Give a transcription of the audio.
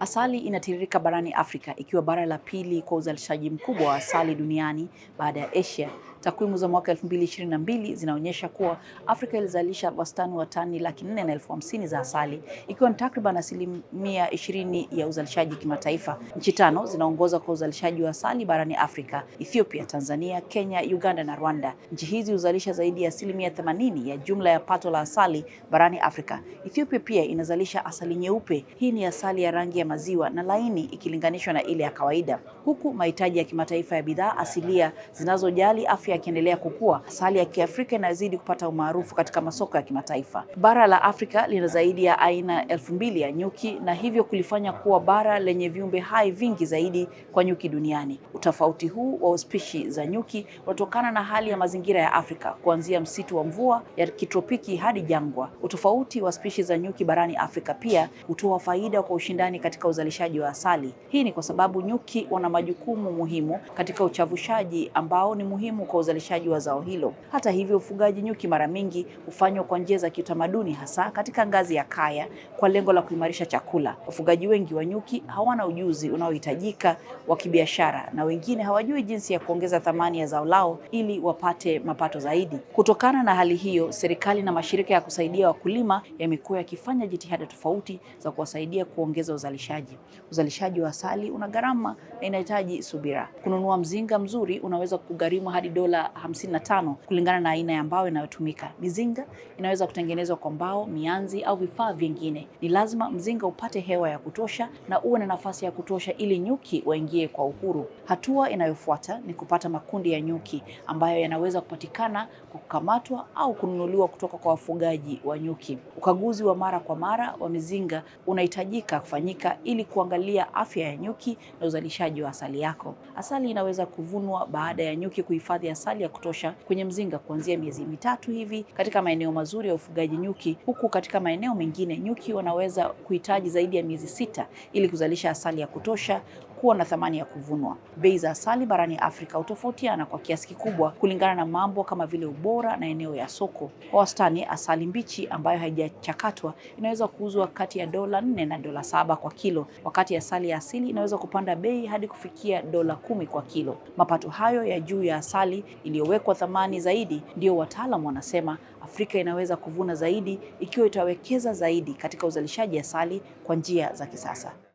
Asali inatiririka barani Afrika ikiwa bara la pili kwa uzalishaji mkubwa wa asali duniani baada ya Asia. Takwimu za mwaka 2022 zinaonyesha kuwa Afrika ilizalisha wastani wa tani laki nne na elfu hamsini za asali ikiwa ni takriban asilimia ishirini ya uzalishaji kimataifa. Nchi tano zinaongoza kwa uzalishaji wa asali barani Afrika: Ethiopia, Tanzania, Kenya, Uganda na Rwanda. Nchi hizi huzalisha zaidi ya asilimia themanini ya jumla ya pato la asali barani Afrika. Ethiopia pia inazalisha asali nyeupe. Hii ni asali ya rangi ya ya maziwa na laini ikilinganishwa na ile ya kawaida, huku mahitaji ya kimataifa ya bidhaa asilia zinazojali afya yakiendelea kukua. Asali ya Kiafrika inazidi kupata umaarufu katika masoko ya kimataifa. Bara la Afrika lina zaidi ya aina elfu mbili ya nyuki na hivyo kulifanya kuwa bara lenye viumbe hai vingi zaidi kwa nyuki duniani. Utofauti huu wa spishi za nyuki unatokana na hali ya mazingira ya Afrika, kuanzia msitu wa mvua ya kitropiki hadi jangwa. Utofauti wa spishi za nyuki barani Afrika pia hutoa faida kwa ushindani katika katika uzalishaji wa asali. Hii ni kwa sababu nyuki wana majukumu muhimu katika uchavushaji ambao ni muhimu kwa uzalishaji wa zao hilo. Hata hivyo, ufugaji nyuki mara mingi hufanywa kwa njia za kiutamaduni, hasa katika ngazi ya kaya kwa lengo la kuimarisha chakula. Wafugaji wengi wa nyuki hawana ujuzi unaohitajika wa kibiashara na wengine hawajui jinsi ya kuongeza thamani ya zao lao ili wapate mapato zaidi. Kutokana na hali hiyo, serikali na mashirika ya kusaidia wakulima yamekuwa yakifanya jitihada tofauti za kuwasaidia kuongeza uzalishaji uzalishaji. Uzalishaji wa asali una gharama na inahitaji subira. Kununua mzinga mzuri unaweza kugharimu hadi dola 55 kulingana na aina ya mbao inayotumika. Mizinga inaweza kutengenezwa kwa mbao, mianzi au vifaa vingine. Ni lazima mzinga upate hewa ya kutosha na uwe na nafasi ya kutosha ili nyuki waingie kwa uhuru. Hatua inayofuata ni kupata makundi ya nyuki ambayo yanaweza kupatikana kwa kukamatwa au kununuliwa kutoka kwa wafugaji wa nyuki. Ukaguzi wa mara kwa mara wa mizinga unahitajika kufanyika ili kuangalia afya ya nyuki na uzalishaji wa asali yako. Asali inaweza kuvunwa baada ya nyuki kuhifadhi asali ya kutosha kwenye mzinga kuanzia miezi mitatu hivi katika maeneo mazuri ya ufugaji nyuki, huku katika maeneo mengine nyuki wanaweza kuhitaji zaidi ya miezi sita ili kuzalisha asali ya kutosha kuwa na thamani ya kuvunwa. Bei za asali barani Afrika hutofautiana kwa kiasi kikubwa kulingana na mambo kama vile ubora na eneo ya soko. Kwa wastani, asali mbichi ambayo haijachakatwa inaweza kuuzwa kati ya dola nne na dola saba kwa kilo, wakati asali ya asili inaweza kupanda bei hadi kufikia dola kumi kwa kilo. Mapato hayo ya juu ya asali iliyowekwa thamani zaidi, ndiyo wataalam wanasema Afrika inaweza kuvuna zaidi ikiwa itawekeza zaidi katika uzalishaji asali kwa njia za kisasa.